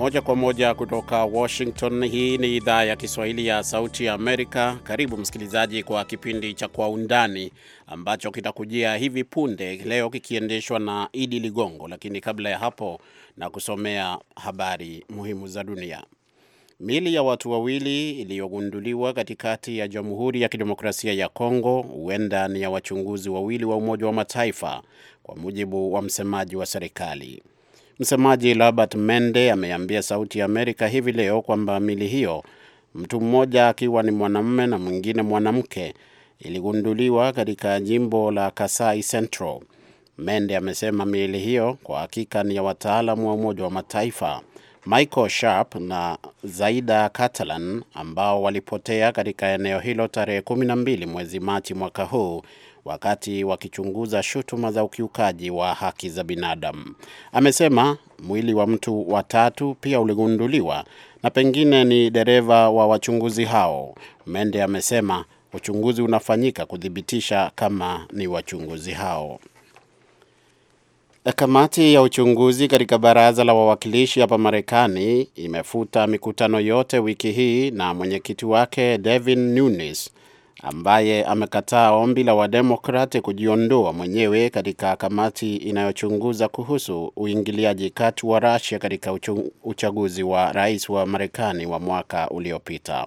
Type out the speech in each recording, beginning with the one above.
moja kwa moja kutoka Washington. Hii ni idhaa ya Kiswahili ya Sauti ya Amerika. Karibu msikilizaji kwa kipindi cha Kwa Undani ambacho kitakujia hivi punde, leo kikiendeshwa na Idi Ligongo. Lakini kabla ya hapo, na kusomea habari muhimu za dunia. Mili ya watu wawili iliyogunduliwa katikati ya Jamhuri ya Kidemokrasia ya Kongo huenda ni ya wachunguzi wawili wa Umoja wa Mataifa, kwa mujibu wa msemaji wa serikali. Msemaji Robert Mende ameambia Sauti ya Amerika hivi leo kwamba mili hiyo, mtu mmoja akiwa ni mwanamume na mwingine mwanamke, iligunduliwa katika jimbo la Kasai Central. Mende amesema miili hiyo kwa hakika ni ya wataalamu wa Umoja wa Mataifa Michael Sharp na Zaida Catalan ambao walipotea katika eneo hilo tarehe 12 mwezi Machi mwaka huu wakati wakichunguza shutuma za ukiukaji wa haki za binadamu. Amesema mwili wa mtu watatu pia uligunduliwa na pengine ni dereva wa wachunguzi hao. Mende amesema uchunguzi unafanyika kuthibitisha kama ni wachunguzi hao. Kamati ya uchunguzi katika baraza la wawakilishi hapa Marekani imefuta mikutano yote wiki hii na mwenyekiti wake Devin Nunes ambaye amekataa ombi la Wademokrati kujiondoa mwenyewe katika kamati inayochunguza kuhusu uingiliaji kati wa Russia katika uchaguzi wa rais wa Marekani wa mwaka uliopita.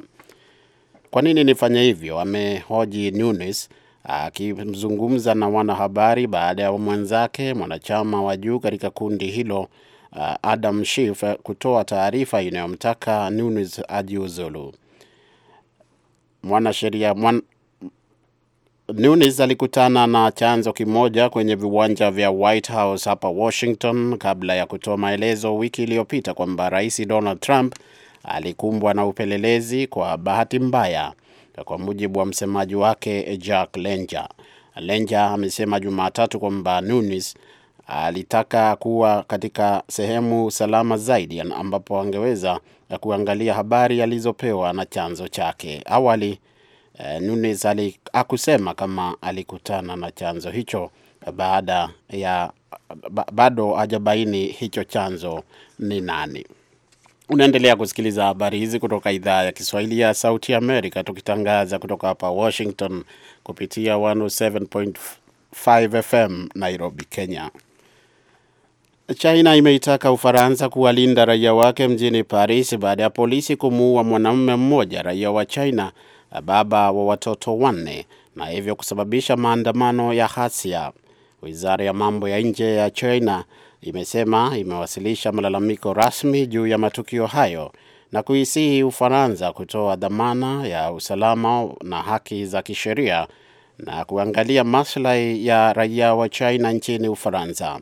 Kwa nini nifanye hivyo? Amehoji Nunes akizungumza na wanahabari baada ya mwenzake mwanachama wa juu katika kundi hilo Adam Schiff kutoa taarifa inayomtaka Nunes ajiuzulu mwanasheria mwan... Nunes alikutana na chanzo kimoja kwenye viwanja vya White House hapa Washington kabla ya kutoa maelezo wiki iliyopita kwamba Rais Donald Trump alikumbwa na upelelezi kwa bahati mbaya, kwa mujibu wa msemaji wake Jack Lenja. Lenja amesema Jumatatu kwamba Nunes alitaka kuwa katika sehemu salama zaidi ambapo angeweza kuangalia habari alizopewa na chanzo chake. Awali eh, Nunes hakusema kama alikutana na chanzo hicho baada ya ba, bado hajabaini hicho chanzo ni nani. Unaendelea kusikiliza habari hizi kutoka idhaa ya Kiswahili ya Sauti ya Amerika, tukitangaza kutoka hapa Washington kupitia 107.5 FM Nairobi, Kenya. China imeitaka Ufaransa kuwalinda raia wake mjini Paris baada ya polisi kumuua mwanamume mmoja raia wa China, baba wa watoto wanne, na hivyo kusababisha maandamano ya ghasia. Wizara ya mambo ya nje ya China imesema imewasilisha malalamiko rasmi juu ya matukio hayo na kuisihi Ufaransa kutoa dhamana ya usalama na haki za kisheria na kuangalia maslahi ya raia wa China nchini Ufaransa.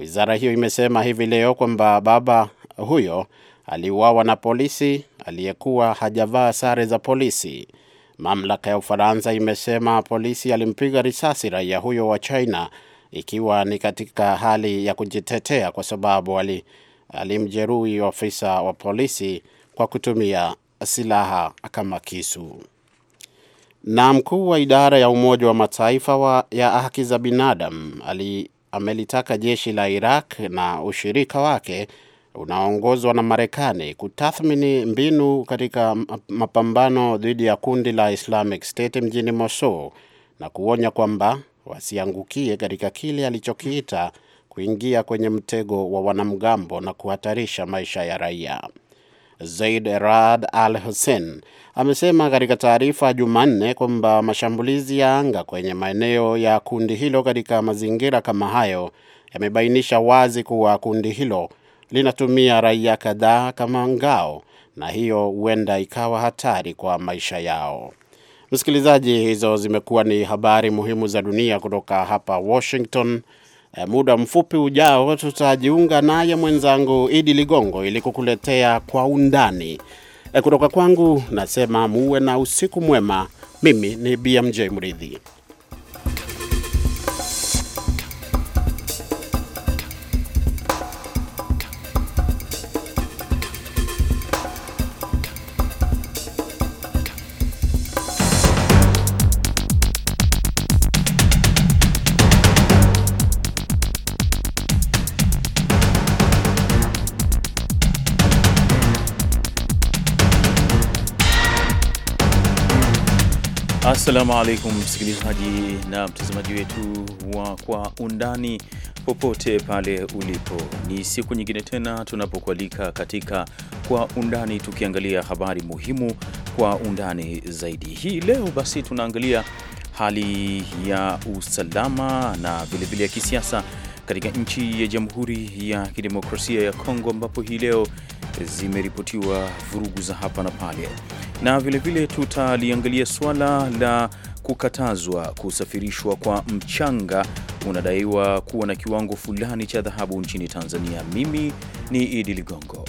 Wizara hiyo imesema hivi leo kwamba baba huyo aliuawa na polisi aliyekuwa hajavaa sare za polisi. Mamlaka ya Ufaransa imesema polisi alimpiga risasi raia huyo wa China ikiwa ni katika hali ya kujitetea kwa sababu ali alimjeruhi ofisa wa polisi kwa kutumia silaha kama kisu. Na mkuu wa idara ya Umoja wa Mataifa wa ya haki za binadamu ali amelitaka jeshi la Iraq na ushirika wake unaoongozwa na Marekani kutathmini mbinu katika mapambano dhidi ya kundi la Islamic State mjini Mosul na kuonya kwamba wasiangukie katika kile alichokiita kuingia kwenye mtego wa wanamgambo na kuhatarisha maisha ya raia. Zaid Rad Al Hussein amesema katika taarifa Jumanne kwamba mashambulizi ya anga kwenye maeneo ya kundi hilo katika mazingira kama hayo yamebainisha wazi kuwa kundi hilo linatumia raia kadhaa kama ngao na hiyo huenda ikawa hatari kwa maisha yao. Msikilizaji, hizo zimekuwa ni habari muhimu za dunia kutoka hapa Washington. Eh, muda mfupi ujao tutajiunga naye mwenzangu Idi Ligongo ili kukuletea kwa undani. Eh, kutoka kwangu nasema muwe na usiku mwema. Mimi ni BMJ Mridhi. Assalamu alaikum msikilizaji na mtazamaji wetu wa Kwa Undani, popote pale ulipo, ni siku nyingine tena tunapokualika katika Kwa Undani, tukiangalia habari muhimu kwa undani zaidi. Hii leo basi tunaangalia hali ya usalama na vilevile ya kisiasa katika nchi ya Jamhuri ya Kidemokrasia ya Kongo, ambapo hii leo zimeripotiwa vurugu za hapa na pale, na vilevile tutaliangalia suala la kukatazwa kusafirishwa kwa mchanga unadaiwa kuwa na kiwango fulani cha dhahabu nchini Tanzania. Mimi ni Idi Ligongo.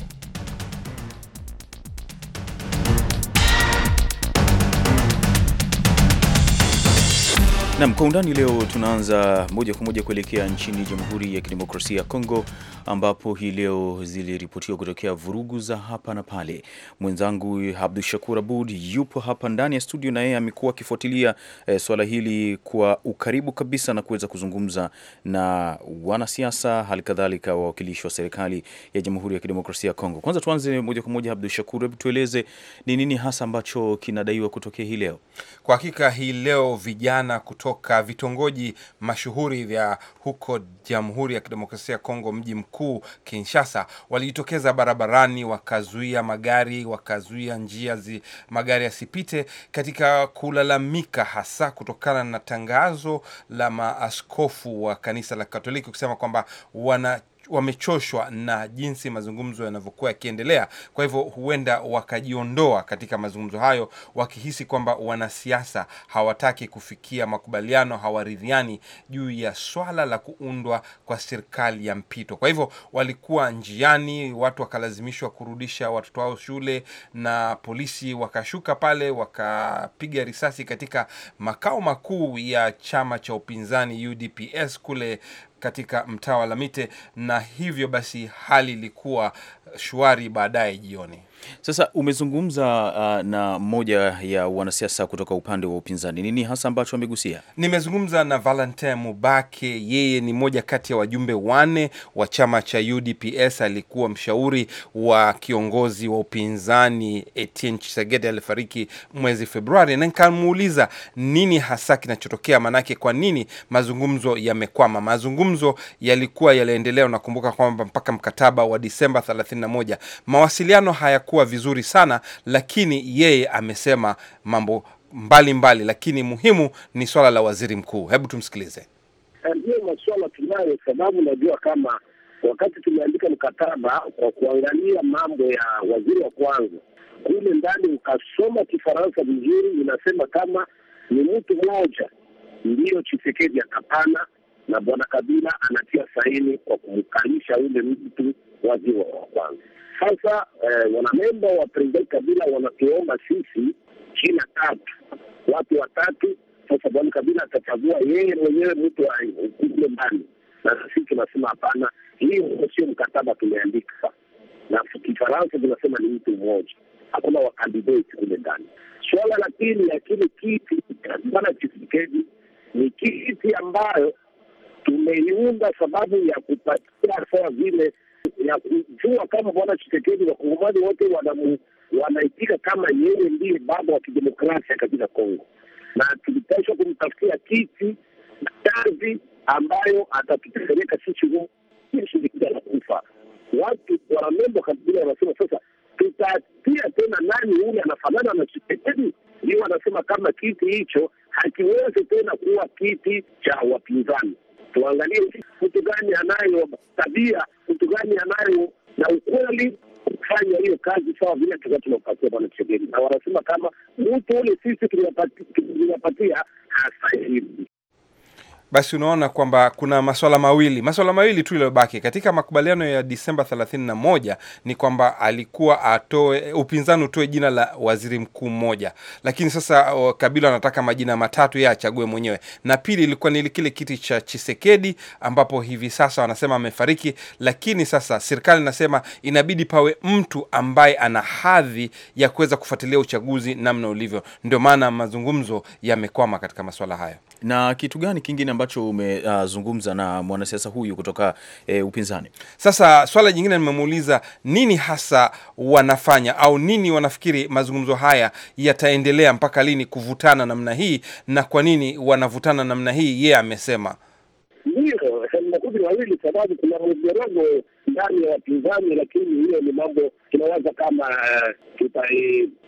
Nam kwa undani leo, tunaanza moja kwa moja kuelekea nchini Jamhuri ya Kidemokrasia ya Kongo, ambapo hii leo ziliripotiwa kutokea vurugu za hapa na pale. Mwenzangu Abdu Shakur Abud yupo hapa ndani ya studio, na yeye amekuwa akifuatilia e, swala hili kwa ukaribu kabisa na kuweza kuzungumza na wanasiasa, halikadhalika wawakilishi wa serikali ya Jamhuri ya Kidemokrasia ya Kongo. Kwanza tuanze moja kwa moja, Abdu Shakur, hebu tueleze ni nini hasa ambacho kinadaiwa kutokea hii leo? Kwa hakika hii leo vijana kutoka kutoka vitongoji mashuhuri vya huko Jamhuri ya Kidemokrasia ya Kongo, mji mkuu Kinshasa, walijitokeza barabarani, wakazuia magari, wakazuia njia zi, magari yasipite, katika kulalamika hasa kutokana na tangazo la maaskofu wa kanisa la Katoliki kusema kwamba wana wamechoshwa na jinsi mazungumzo yanavyokuwa yakiendelea. Kwa hivyo huenda wakajiondoa katika mazungumzo hayo wakihisi kwamba wanasiasa hawataki kufikia makubaliano, hawaridhiani juu ya swala la kuundwa kwa serikali ya mpito. Kwa hivyo walikuwa njiani, watu wakalazimishwa kurudisha watoto wao shule na polisi wakashuka pale wakapiga risasi katika makao makuu ya chama cha upinzani UDPS kule katika mtaa wa Lamite, na hivyo basi hali ilikuwa shwari baadaye jioni. Sasa umezungumza uh, na mmoja ya wanasiasa kutoka upande wa upinzani, nini hasa ambacho amegusia? Nimezungumza na Valentin Mubake, yeye ni mmoja kati ya wajumbe wane wa chama cha UDPS. Alikuwa mshauri wa kiongozi wa upinzani Etienne Tshisekedi alifariki mwezi Februari, na nikamuuliza nini hasa kinachotokea, maanake kwa nini mazungumzo yamekwama. Mazungumzo yalikuwa yaliendelea, unakumbuka kwamba mpaka mkataba wa Disemba 31 mawasiliano haya kuwa vizuri sana, lakini yeye amesema mambo mbalimbali mbali, lakini muhimu ni swala la waziri mkuu. Hebu tumsikilize. Ndiyo ah, masuala tunayo, sababu najua kama wakati tumeandika mkataba kwa kuangalia mambo ya waziri wa kwanza kule ndani, ukasoma Kifaransa vizuri, inasema kama ni mtu mmoja ndiyo Chisekedi akapana na bwana Kabila anatia saini kwa kumkalisha ule mtu waziri wa kwanza sasa eh, wanamemba wa President Kabila wanatuomba sisi china tatu, watu watatu. Sasa bwana Kabila atachagua yeye mwenyewe mtu kule mbali, na sisi tunasema hapana, hii sio mkataba tumeandika, na Kifaransa tunasema ni mtu mmoja, hakuna wakandidati kule ndani. Swala la pili, lakini kiti bwana Chisekedi ni kiti ambayo tumeiunda sababu ya kupatia saa zile na kujua kama bwana Chisekedi wakongomani wote wanaitika kama yeye ndiye baba wa kidemokrasia katika Kongo, na tulipashwa kumtafutia kiti na kazi ambayo atatupeleka sisi shirikia la kufa. Watu wanamembo wa kabila wanasema sasa, tutatia tena nani ule anafanana na Chisekedi? Ndio wanasema kama kiti hicho hakiwezi tena kuwa kiti cha wapinzani. Tuangalie mtu gani anayo tabia gani anayo na ukweli kufanya hiyo kazi sawa vile tuka tunapatia bwana Chegeni, na wanasema kama mtu ule sisi tunapatia hasa hasahivi basi unaona kwamba kuna maswala mawili maswala mawili tu iliyobaki katika makubaliano ya Disemba 31 ni kwamba alikuwa atoe upinzani utoe jina la waziri mkuu mmoja, lakini sasa Kabila anataka majina matatu yeye achague mwenyewe, na pili ilikuwa ni kile kiti cha Chisekedi ambapo hivi sasa wanasema amefariki, lakini sasa serikali inasema inabidi pawe mtu ambaye ana hadhi ya kuweza kufuatilia uchaguzi namna ulivyo. Ndio maana mazungumzo yamekwama katika maswala hayo. Na kitu gani kingine ambacho umezungumza uh, na mwanasiasa huyu kutoka uh, upinzani. Sasa swala jingine nimemuuliza nini hasa wanafanya au nini wanafikiri mazungumzo haya yataendelea mpaka lini, kuvutana namna hii na kwa nini wanavutana namna hii? Yeye yeah, amesema wawili eh, mawili, sababu kuna mgorogo ndani ya wapinzani, lakini hiyo ni mambo tunaweza kama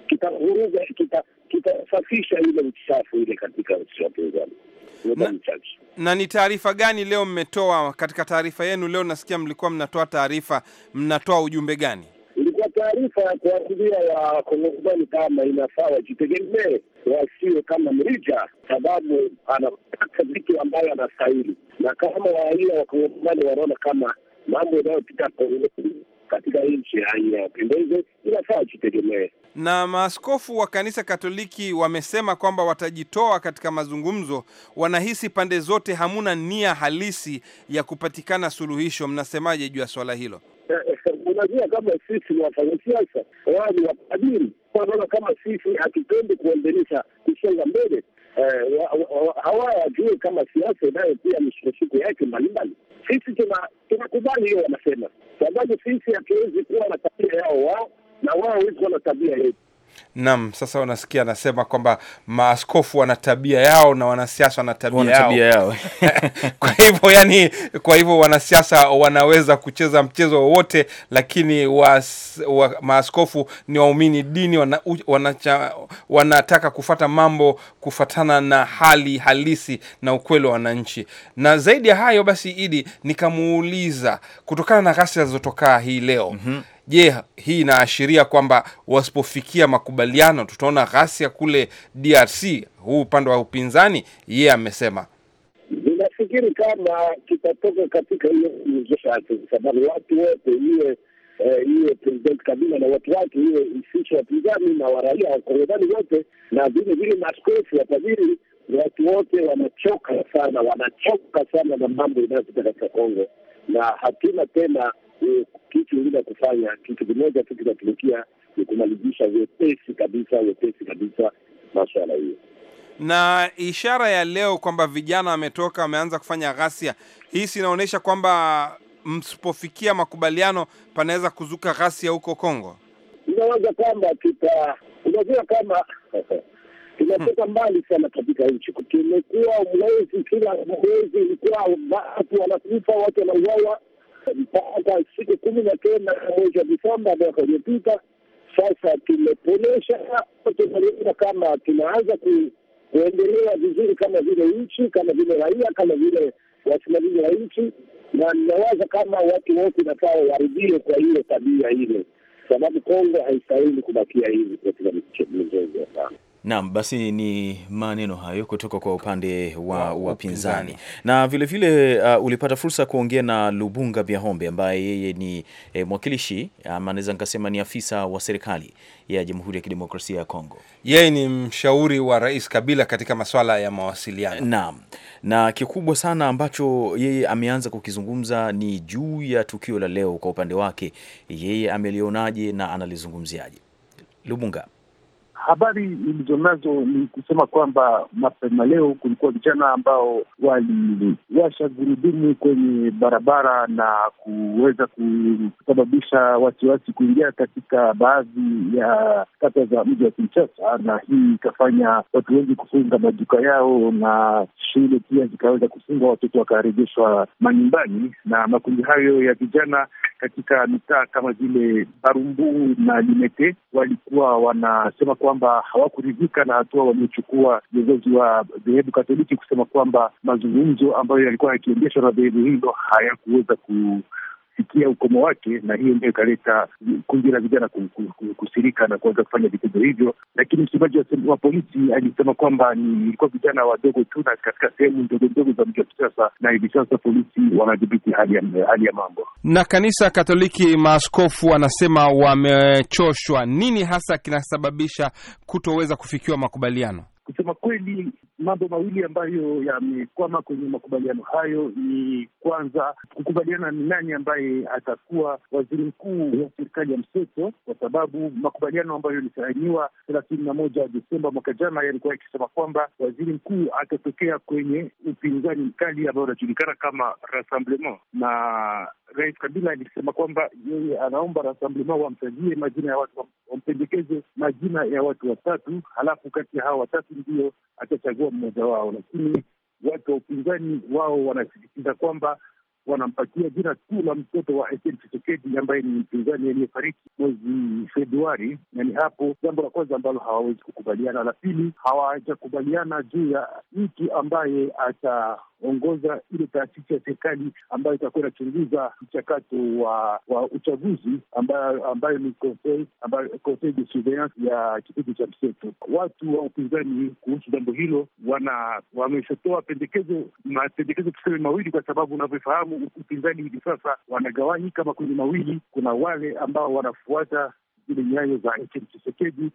kitavuruga, eh, eh, ile uchafu ile katika wapinzani na, na ni taarifa gani leo mmetoa? Katika taarifa yenu leo nasikia mlikuwa mnatoa taarifa, mnatoa ujumbe gani? Ilikuwa taarifa ya kuwaambia Wakongomani kama inafaa wajitegemee, wasiwe kama mrija, sababu anapata vitu ambayo anastahili, na kama waia Wakongomani wanaona kama mambo yanayopita katika nchi haiyawapendeze, inafaa wajitegemee na maaskofu wa kanisa Katoliki wamesema kwamba watajitoa katika mazungumzo. Wanahisi pande zote hamuna nia halisi ya kupatikana suluhisho. Mnasemaje juu ya swala hilo? Eh, eh, unajua, kama sisi ni wafanyasiasa, wao ni wapadiri. Naona kama sisi hatupendi kuendelesha kusonga mbele hawa eh, wajue kama siasa inayo pia misukosuko yake mbalimbali. Sisi tunakubali hiyo, wanasema sababu sisi hatuwezi kuwa na tabia yao wao na wao wiko na tabia yetu. Naam, sasa unasikia anasema kwamba maaskofu wana tabia yao na wanasiasa wana tabia wana yao, tabia yao. Kwa hivyo yani, kwa hivyo wanasiasa wanaweza kucheza mchezo wowote, lakini wa, wa, maaskofu ni waumini dini, wana, wanacha, wanataka kufata mambo kufatana na hali halisi na ukweli wa wananchi. Na zaidi ya hayo basi, Idi, nikamuuliza kutokana na ghasia zilizotokaa hii leo mm -hmm. Je, hii inaashiria kwamba wasipofikia makubaliano tutaona ghasia kule DRC? Huu upande wa upinzani yeye amesema ninafikiri kama kitatoka katika hiyo mzozo, sababu watu wote iwe eh, iwe President Kabila na watu wake, iwe isicho wapinzani na waraia wakongomani wote, na vile vile maskofu watajiri, watu wote wanachoka sana, wanachoka sana na mambo inayopita katika Kongo, na hatuna tena eh, bila kufanya kitu kimoja tu kitatumikia ni kumalizisha wepesi kabisa wepesi kabisa maswala hiyo. Na ishara ya leo kwamba vijana wametoka wameanza kufanya ghasia, hii sinaonyesha kwamba msipofikia makubaliano panaweza kuzuka ghasia huko Kongo. Inawaza kwamba tuta, unajua kama tunatoka mbali sana katika nchi. Tumekuwa mwezi, kila mwezi ilikuwa watu wanakufa, watu wanauawa mpaka siku kumi na tena mwezi wa Desemba mwaka uliopita. Sasa tumeponesha tunaliona kama tunaanza kuendelea vizuri kama vile nchi, kama vile raia, kama vile wasimamizi wa nchi, na ninawaza kama watu wote nafaa warudie kwa hiyo tabia ile, sababu Kongo haistahili kubakia hivi katika michezo. Naam, basi ni maneno hayo kutoka kwa upande wa wapinzani na vilevile vile, uh, ulipata fursa kuongea na Lubunga Biahombe ambaye yeye ni eh, mwakilishi ama naweza nikasema ni afisa wa serikali ya Jamhuri ya Kidemokrasia ya Kongo. Yeye ni mshauri wa Rais Kabila katika masuala ya mawasiliano. Naam, na kikubwa sana ambacho yeye ameanza kukizungumza ni juu ya tukio la leo. Kwa upande wake yeye amelionaje na analizungumziaje? Lubunga Habari ilizonazo ni kusema kwamba mapema leo kulikuwa vijana ambao waliwasha gurudumu kwenye barabara na kuweza kusababisha wasiwasi kuingia katika baadhi ya kata za mji wa Kinshasa, na hii ikafanya watu wengi kufunga maduka yao na shule pia zikaweza kufungwa, watoto wakarejeshwa manyumbani. Na makundi hayo ya vijana katika mitaa kama vile Barumbu na Limete walikuwa wanasema kwa kwamba hawakuridhika na hatua waliochukua viongozi wa dhehebu Katoliki kusema kwamba mazungumzo ambayo yalikuwa yakiendeshwa na dhehebu hilo hayakuweza ku kufikia ukomo wake, na hiyo ndio ikaleta kundi la vijana kusirika na kuanza kufanya vitendo hivyo. Lakini msemaji wa polisi alisema kwamba ni ilikuwa vijana wadogo tu na katika sehemu ndogo ndogo za mji wa kisasa na hivi sasa polisi wanadhibiti hali ya, hali ya mambo. Na kanisa Katoliki, maaskofu wanasema wamechoshwa. Nini hasa kinasababisha kutoweza kufikiwa makubaliano? Kusema kweli mambo mawili ambayo yamekwama kwenye makubaliano hayo ni kwanza kukubaliana ni nani ambaye atakuwa waziri mkuu wa serikali ya mseto, kwa sababu makubaliano ambayo yalisainiwa thelathini na moja Desemba mwaka jana yalikuwa yakisema kwamba waziri mkuu atatokea kwenye upinzani mkali ambao unajulikana kama Rassemblement na Rais Kabila alisema kwamba yeye anaomba Rassemblement wamsajie majina ya watu, wampendekeze majina ya watu watatu, halafu kati ya hawa watatu ndio atachagua mmoja wao. Lakini watu wa upinzani wao wanasisitiza kwamba wanampatia jina tu la mtoto wa Etienne Tshisekedi ambaye ni mpinzani aliyefariki mwezi Februari, na ni hapo jambo la kwanza ambalo hawawezi kukubaliana. La pili, hawajakubaliana juu ya mtu ambaye ata kuongoza ile taasisi ya serikali ambayo itakuwa inachunguza mchakato wa, wa uchaguzi ambayo, ambayo ni conseil, ambayo conseil de surveillance ya kipindi cha mseto. Watu wa upinzani kuhusu jambo hilo wameshotoa pendekezo mapendekezo tuseme mawili, kwa sababu unavyofahamu upinzani hivi sasa kama kwenye mawili. Kuna wale ambao wanafuata zile nyayo za Etienne Tshisekedi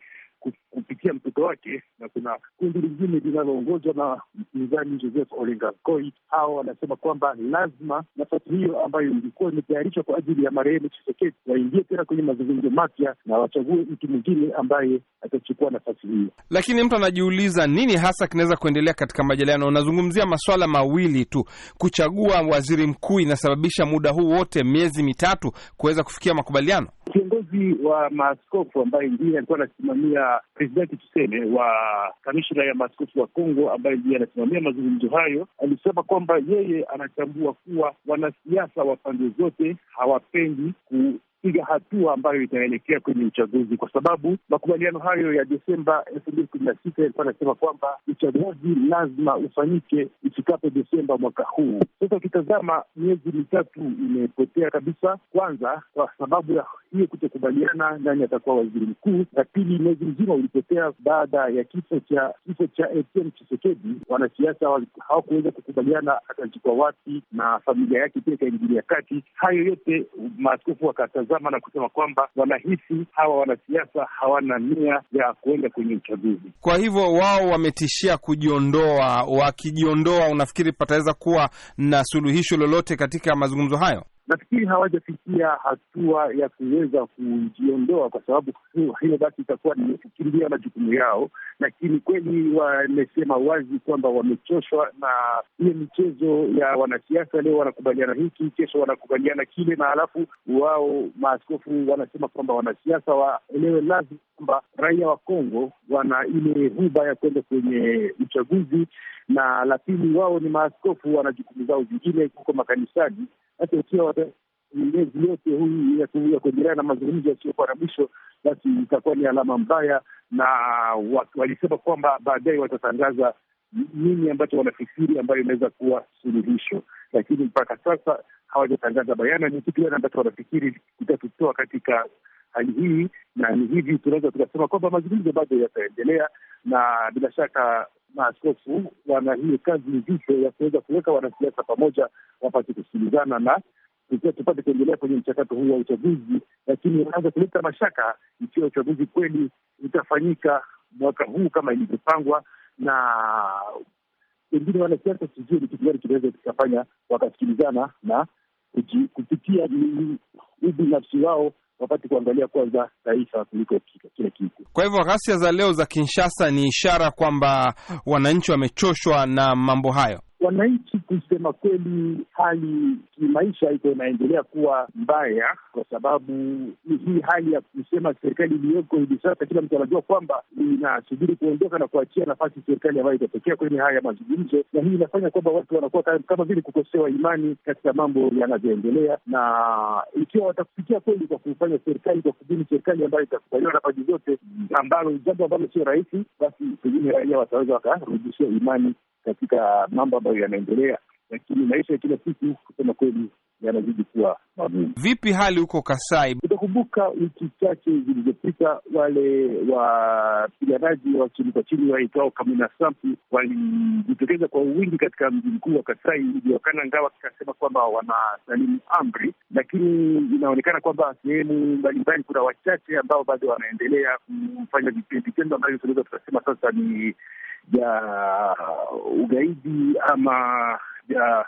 kupitia mtoto wake, na kuna kundi lingine linaloongozwa na mpinzani Joseph Olenga Olengankoi. Hawa wanasema kwamba lazima nafasi hiyo ambayo ilikuwa imetayarishwa kwa ajili ya marehemu Tshisekedi waingie tena kwenye mazungumzo mapya na wachague mtu mwingine ambaye atachukua nafasi hiyo. Lakini mtu anajiuliza nini hasa kinaweza kuendelea katika majadiliano? Unazungumzia maswala mawili tu, kuchagua waziri mkuu inasababisha muda huu wote miezi mitatu kuweza kufikia makubaliano. Kiongozi wa maaskofu ambaye ndiye alikuwa anasimamia presidenti tuseme wa kamishina ya maaskofu wa Kongo ambaye ndiye anasimamia mazungumzo hayo, alisema kwamba yeye anatambua kuwa wanasiasa wa pande zote hawapendi ku kupiga hatua ambayo itaelekea kwenye uchaguzi, kwa sababu makubaliano hayo ya Desemba elfu mbili kumi na sita yalikuwa anasema kwamba uchaguzi lazima ufanyike ifikapo Desemba mwaka huu. Sasa ukitazama miezi mitatu imepotea kabisa, kwanza kwa sababu ya hiyo kutokubaliana nani atakuwa waziri mkuu, na pili mwezi mzima ulipotea baada ya kifo cha kifo cha Etienne Tshisekedi. Wanasiasa hawakuweza kukubaliana atazikwa wapi, na familia yake pia ikaingilia kati. Hayo yote maaskofu wakata kutazama na kusema kwamba wanahisi hawa wanasiasa hawana nia ya kuenda kwenye uchaguzi. Kwa hivyo wao wametishia kujiondoa. Wakijiondoa, unafikiri pataweza kuwa na suluhisho lolote katika mazungumzo hayo? nafikiri hawajafikia hatua ya kuweza kujiondoa, kwa sababu hiyo basi itakuwa ni kukimbia majukumu yao. Lakini kweli wamesema wazi kwamba wamechoshwa na hiyo michezo ya wanasiasa. Leo wanakubaliana hiki, kesho wanakubaliana kile, na halafu wao maaskofu wanasema kwamba wanasiasa waelewe lazima kwamba raia wa Kongo wana ile huba ya kwenda kwenye uchaguzi, na la pili, wao ni maaskofu, wana jukumu zao zingine huko makanisani. Hata ikiwa kupata yote huyu ya kuendelea na mazungumzo yasiyokuwa na mwisho, basi itakuwa ni alama mbaya, na walisema kwamba baadaye watatangaza nini ambacho wanafikiri ambayo inaweza kuwa suluhisho, lakini mpaka sasa hawajatangaza bayana ni kitu gani ambacho wanafikiri kitatutoa katika hali hii. Na ni hivi tunaweza tukasema kwamba mazungumzo bado yataendelea, na bila shaka maaskofu wana hiyo kazi nzito ya kuweza kuweka wanasiasa pamoja, wapate kusikilizana na ikiwa tupate kuendelea kwenye mchakato huu wa uchaguzi, lakini inaanza kuleta mashaka ikiwa uchaguzi kweli utafanyika mwaka huu kama ilivyopangwa, na wengine wanasiasa, sijui ni kitu gani kinaweza kikafanya wakasikilizana na kupitia ubinafsi wao wapate kuangalia kwanza taifa kuliko kila kitu. Kwa hivyo ghasia za leo za Kinshasa ni ishara kwamba wananchi wamechoshwa na mambo hayo. Wananchi kusema kweli, hali kimaisha iko inaendelea kuwa mbaya, kwa sababu ni hii hali ya kusema serikali iliyoko hivi sasa, kila mtu anajua kwamba inasubiri kuondoka na kuachia nafasi serikali ambayo itatokea kwenye haya ya mazungumzo, na hii inafanya kwamba watu wanakuwa kama vile kukosewa imani katika mambo yanavyoendelea, na ikiwa watakufikia kweli kwa kufanya serikali kwa kubuni serikali ambayo itakubaliwa na pande zote, ambalo jambo ambalo sio rahisi, basi pengine raia wataweza wakarudishia imani katika mambo ambayo yanaendelea, lakini maisha ya kila siku kusema kweli yanazidi kuwa magumu. Vipi hali huko Kasai? Utakumbuka wiki chache zilizopita wale wapiganaji wa chini kwa chini waitwao Kamina Sampu walijitokeza kwa wingi katika mji mkuu wa Kasai, mji wa Kananga, wakasema kwamba wanasalimu amri, lakini inaonekana kwamba sehemu mbalimbali kuna wachache ambao bado wanaendelea kufanya vitendo ambavyo tunaweza tukasema sasa ni ya ugaidi ama ya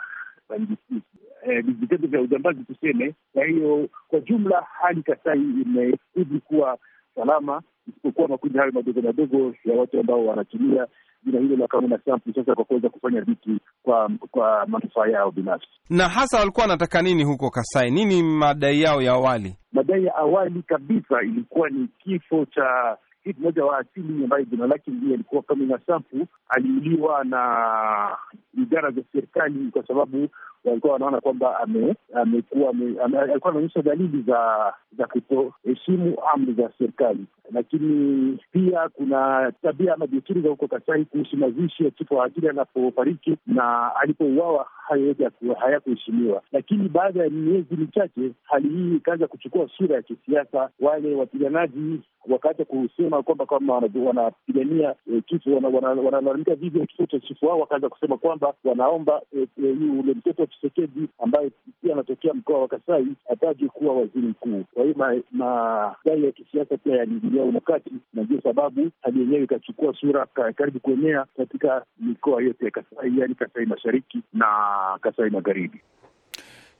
eh, vitendo vya ujambazi tuseme. Kwa hiyo kwa jumla, hali Kasai imezidi kuwa salama, isipokuwa makundi hayo madogo madogo ya watu ambao wanatumia jina hilo la Kamuina Nsapu sasa kwa kuweza kufanya vitu kwa kwa manufaa yao binafsi. Na hasa walikuwa wanataka nini huko Kasai? Nini madai yao ya awali? Madai ya awali kabisa ilikuwa ni kifo cha hit moja wa asili ambaye jina lake ndio alikuwa Kamina Safu aliuliwa na idara za serikali kwa sababu walikuwa wanaona kwamba amekuwa alikuwa ameonyesha dalili za za kutoheshimu amri za serikali. Lakini pia kuna tabia ama desturi za huko Kasai kuhusu mazishi ya chifu wa anapofariki na alipouawa hayakuheshimiwa. Lakini baada ya miezi michache, hali hii ikaanza kuchukua sura ya kisiasa. Wale wapiganaji wakaacha kusema kwamba kama wanapigania e, kifo, wanalalamika dhidi ya kifo cha chifu wao, wakaanza kusema kwamba wanaomba e, e, ule mtoto Chisekedi ambaye pia anatokea mkoa wa Kasai hataji kuwa waziri mkuu. Kwa hiyo madai ya kisiasa pia yaliingilia unakati, na ndio sababu hali yenyewe ikachukua sura karibu kuenea katika mikoa yote ya Kasai, yaani Kasai mashariki na Kasai magharibi.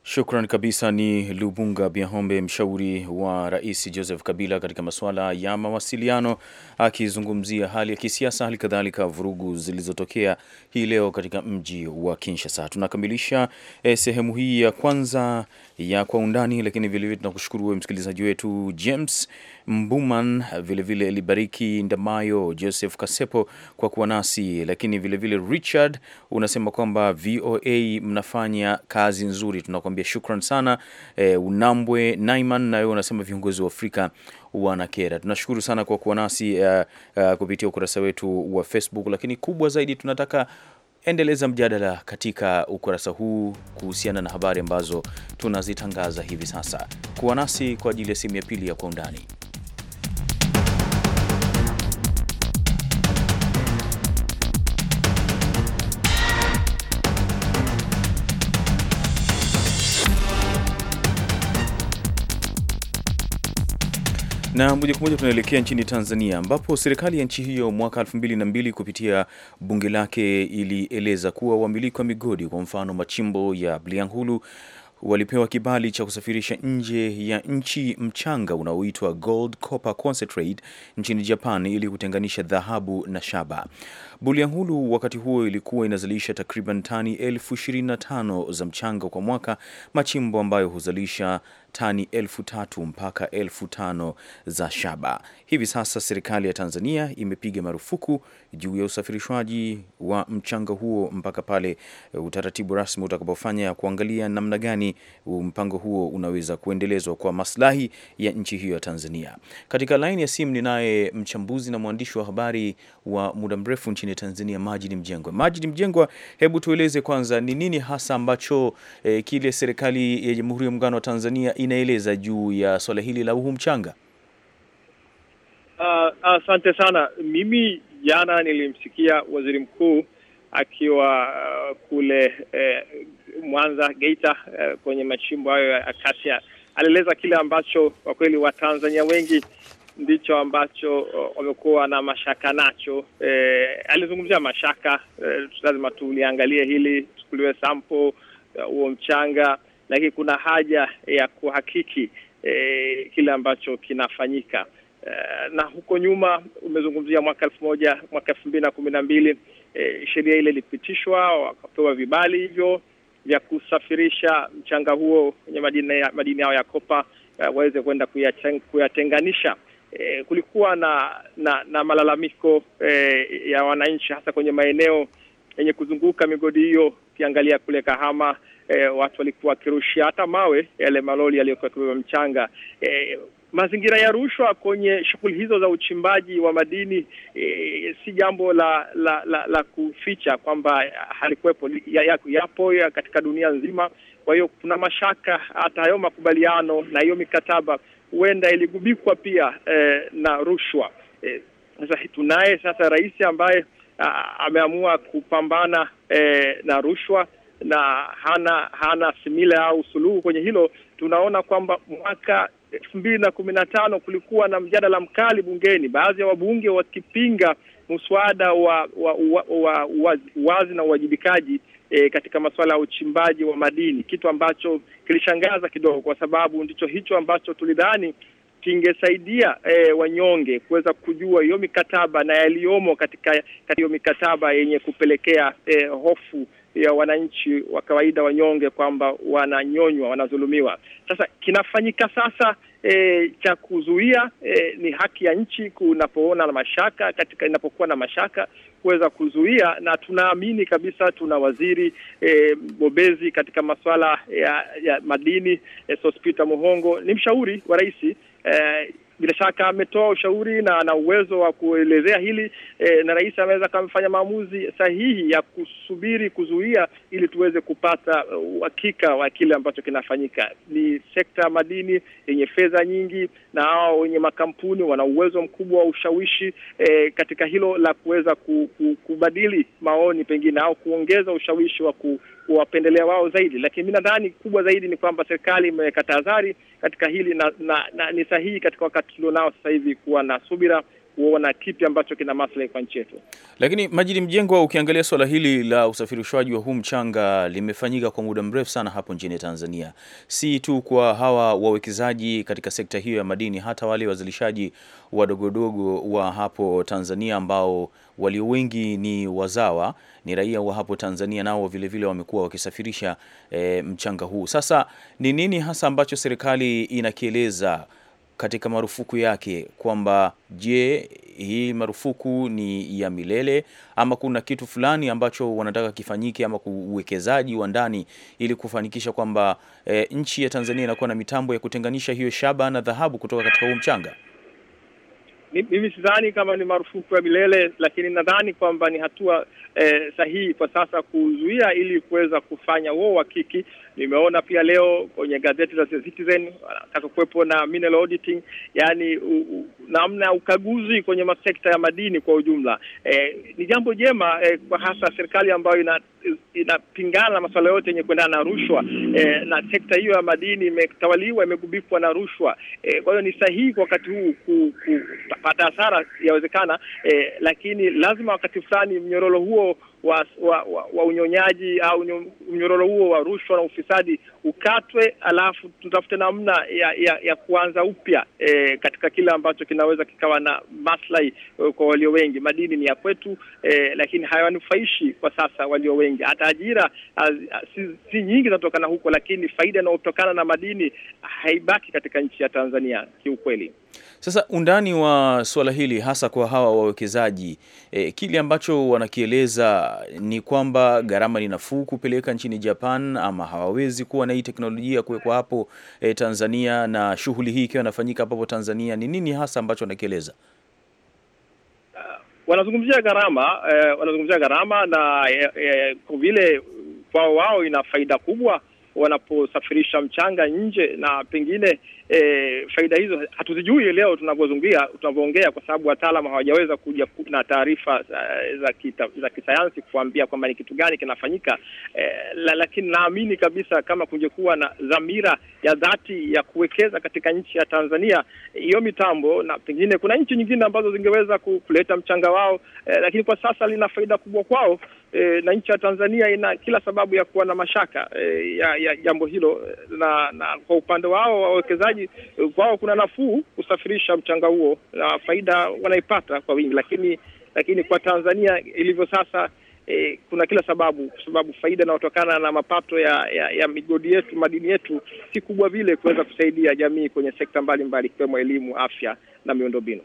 Shukran kabisa. Ni Lubunga Biahombe, mshauri wa Rais Joseph Kabila katika masuala ya mawasiliano, akizungumzia hali ya kisiasa, hali kadhalika vurugu zilizotokea hii leo katika mji wa Kinshasa. Tunakamilisha eh, sehemu hii ya kwanza ya Kwa Undani, lakini vilevile tunakushukuru wewe msikilizaji wetu James Mbuman, vilevile Libariki Ndamayo, Joseph Kasepo kwa kuwa nasi, lakini vilevile vile Richard unasema kwamba VOA mnafanya kazi nzuri, tunakuambia shukran sana. E, Unambwe Naiman nawe unasema viongozi wa Afrika wanakera. Tunashukuru sana kwa kuwa nasi uh, uh, kupitia ukurasa wetu wa Facebook, lakini kubwa zaidi tunataka endeleza mjadala katika ukurasa huu kuhusiana na habari ambazo tunazitangaza hivi sasa. Kuwa nasi kwa ajili ya sehemu ya pili ya Kwa Undani. Na moja kwa moja tunaelekea nchini Tanzania ambapo serikali ya nchi hiyo mwaka 2002 kupitia bunge lake ilieleza kuwa wamiliki wa migodi, kwa mfano machimbo ya Bulyanhulu walipewa kibali cha kusafirisha nje ya nchi mchanga unaoitwa gold copper concentrate nchini Japan ili kutenganisha dhahabu na shaba. Bulyanhulu wakati huo ilikuwa inazalisha takriban tani elfu 25 za mchanga kwa mwaka, machimbo ambayo huzalisha tani elfu tatu mpaka elfu tano za shaba. Hivi sasa serikali ya Tanzania imepiga marufuku juu ya usafirishwaji wa mchanga huo mpaka pale uh, utaratibu rasmi utakapofanya kuangalia namna gani mpango huo unaweza kuendelezwa kwa maslahi ya nchi hiyo ya Tanzania. Katika laini ya simu ninaye mchambuzi na mwandishi wa habari wa muda mrefu nchini Tanzania, Majid Mjengwa. Majid Mjengwa, hebu tueleze kwanza ni nini hasa ambacho eh, kile serikali ya Jamhuri ya Muungano wa Tanzania inaeleza juu ya swala hili la Uhu Mchanga? Ah, asante uh, uh, sana. Mimi jana nilimsikia waziri mkuu akiwa uh, kule eh, Mwanza, Geita uh, kwenye machimbo hayo ya Acacia. Alieleza kile ambacho kwa kweli Watanzania wengi ndicho ambacho eh, wamekuwa na mashaka nacho. E, alizungumzia mashaka e, lazima tuliangalie hili, tuchukuliwe sampo huo uh, mchanga, lakini kuna haja ya kuhakiki e, kile ambacho kinafanyika e, na huko nyuma umezungumzia mwaka elfu moja mwaka elfu mbili na kumi na mbili sheria ile ilipitishwa wakapewa vibali hivyo vya kusafirisha mchanga huo kwenye madini, ya, madini yao ya kopa eh, waweze kwenda kuyatenganisha. E, kulikuwa na na, na malalamiko e, ya wananchi hasa kwenye maeneo yenye kuzunguka migodi hiyo. Ukiangalia kule Kahama e, watu walikuwa wakirushia hata mawe yale malori yaliyokuwa kubeba mchanga e, Mazingira ya rushwa kwenye shughuli hizo za uchimbaji wa madini e, si jambo la la, la la kuficha kwamba halikuwepo, yapo ya katika dunia nzima. Kwa hiyo kuna mashaka hata hayo makubaliano na hiyo mikataba huenda iligubikwa pia e, na rushwa e, tunaye sasa rais ambaye a, ameamua kupambana e, na rushwa na hana hana simile au suluhu kwenye hilo. Tunaona kwamba mwaka elfu mbili na kumi na tano kulikuwa na mjadala mkali bungeni, baadhi ya wabunge wakipinga mswada wa, wa, wa, wa, wa na uwajibikaji E, katika masuala ya uchimbaji wa madini, kitu ambacho kilishangaza kidogo, kwa sababu ndicho hicho ambacho tulidhani kingesaidia e, wanyonge kuweza kujua hiyo mikataba na yaliyomo katika hiyo mikataba yenye kupelekea e, hofu ya wananchi wa kawaida wanyonge, kwamba wananyonywa, wanazulumiwa. Sasa kinafanyika sasa e, cha kuzuia e, ni haki ya nchi kunapoona na mashaka katika inapokuwa na mashaka kuweza kuzuia, na tunaamini kabisa tuna waziri e, bobezi katika masuala ya, ya madini e, Sospeter Muhongo ni mshauri wa rais e, bila shaka ametoa ushauri na ana uwezo wa kuelezea hili e, na rais ameweza kamfanya maamuzi sahihi ya kusubiri kuzuia, ili tuweze kupata e, uhakika wa kile ambacho kinafanyika. Ni sekta ya madini yenye fedha nyingi, na hao wenye makampuni wana uwezo mkubwa wa ushawishi e, katika hilo la kuweza kubadili maoni pengine au kuongeza ushawishi wa ku, kuwapendelea wao zaidi, lakini mi nadhani kubwa zaidi ni kwamba serikali imeweka tahadhari katika hili na, na, na ni sahihi katika wakati tulionao sasa hivi kuwa na subira kuona kipi ambacho kina maslahi kwa nchi yetu. Lakini Majidi Mjengwa, ukiangalia swala hili la usafirishwaji wa huu mchanga limefanyika kwa muda mrefu sana hapo nchini Tanzania, si tu kwa hawa wawekezaji katika sekta hiyo ya madini, hata wale wazalishaji wadogodogo wa hapo Tanzania ambao walio wengi ni wazawa, ni raia wa hapo Tanzania, nao vilevile wamekuwa wakisafirisha e, mchanga huu. Sasa ni nini hasa ambacho serikali inakieleza katika marufuku yake kwamba je, hii marufuku ni ya milele ama kuna kitu fulani ambacho wanataka kifanyike ama uwekezaji wa ndani ili kufanikisha kwamba e, nchi ya Tanzania inakuwa na mitambo ya kutenganisha hiyo shaba na dhahabu kutoka katika huu mchanga mimi sidhani kama ni marufuku ya milele, lakini nadhani kwamba ni hatua eh, sahihi kwa sasa kuzuia ili kuweza kufanya huo uhakiki. Nimeona pia leo kwenye gazeti la Citizen wanataka kuwepo na mineral auditing, yani namna ya ukaguzi kwenye masekta ya madini kwa ujumla. Eh, ni jambo jema eh, kwa hasa serikali ambayo ina inapingana na masuala yote yenye kuendana na rushwa e, na sekta hiyo ya madini imetawaliwa imegubikwa na rushwa e, kwa hiyo ni sahihi kwa wakati huu kupata hasara yawezekana, e, lakini lazima wakati fulani mnyororo huo wa, wa, wa, wa unyonyaji au mnyororo huo wa rushwa na ufisadi ukatwe, alafu tutafute namna ya, ya, ya kuanza upya e, katika kile ambacho kinaweza kikawa na maslahi e, kwa walio wengi. Madini ni ya kwetu e, lakini hayawanufaishi kwa sasa walio wengi. Hata ajira az, az, si, si nyingi zinatokana huko, lakini faida inayotokana na madini haibaki katika nchi ya Tanzania kiukweli. Sasa undani wa suala hili hasa kwa hawa wawekezaji e, kile ambacho wanakieleza ni kwamba gharama ni nafuu kupeleka nchini Japan, ama hawawezi kuwa na hii teknolojia kuwekwa hapo e, Tanzania, na shughuli hii ikiwa inafanyika hapo Tanzania. Ni nini hasa ambacho wanakieleza? Uh, wanazungumzia gharama uh, wanazungumzia gharama na uh, uh, kwa vile kwao wao ina faida kubwa wanaposafirisha mchanga nje, na pengine e, faida hizo hatuzijui leo tunavyozungumzia, tunavyoongea, kwa sababu wataalamu hawajaweza kuja na taarifa e, za kita, za kisayansi kuambia kwamba ni kitu gani kinafanyika e, la, lakini naamini kabisa kama kungekuwa na dhamira ya dhati ya kuwekeza katika nchi ya Tanzania hiyo mitambo, na pengine kuna nchi nyingine ambazo zingeweza kuleta mchanga wao e, lakini kwa sasa lina faida kubwa kwao e, na nchi ya Tanzania ina kila sababu ya kuwa na mashaka e, ya, ya jambo hilo, eh, na, na kwa upande wao wawekezaji kwao kuna nafuu kusafirisha mchanga huo na faida wanaipata kwa wingi, lakini lakini kwa Tanzania ilivyo sasa E, kuna kila sababu kwa sababu faida inayotokana na mapato ya, ya, ya migodi yetu madini yetu si kubwa vile kuweza kusaidia jamii kwenye sekta mbalimbali ikiwemo elimu, afya na miundombinu.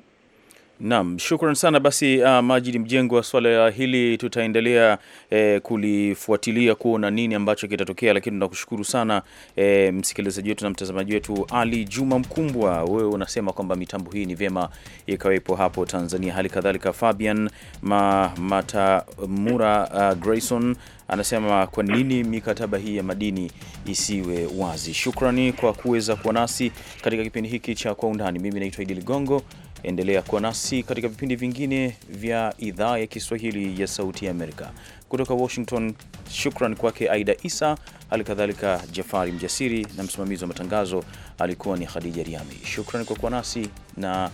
Naam, shukran sana basi. Uh, mjengo wa swala hili tutaendelea eh, kulifuatilia kuona nini ambacho kitatokea, lakini tunakushukuru sana eh, msikilizaji wetu na mtazamaji wetu Ali Juma Mkumbwa, wewe unasema kwamba mitambo hii ni vyema ikawepo hapo Tanzania. Hali kadhalika Fabian ma, Matamura uh, Grayson anasema kwa nini mikataba hii ya madini isiwe wazi? Shukrani kwa kuweza kuwa nasi katika kipindi hiki cha Kwa Undani. Mimi naitwa Idi Ligongo. Endelea kuwa nasi katika vipindi vingine vya idhaa ya Kiswahili ya Sauti ya Amerika kutoka Washington. Shukran kwake Aida Isa, hali kadhalika Jafari Mjasiri, na msimamizi wa matangazo alikuwa ni Khadija Riami. Shukran kwa kuwa nasi na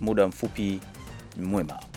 muda mfupi mwema.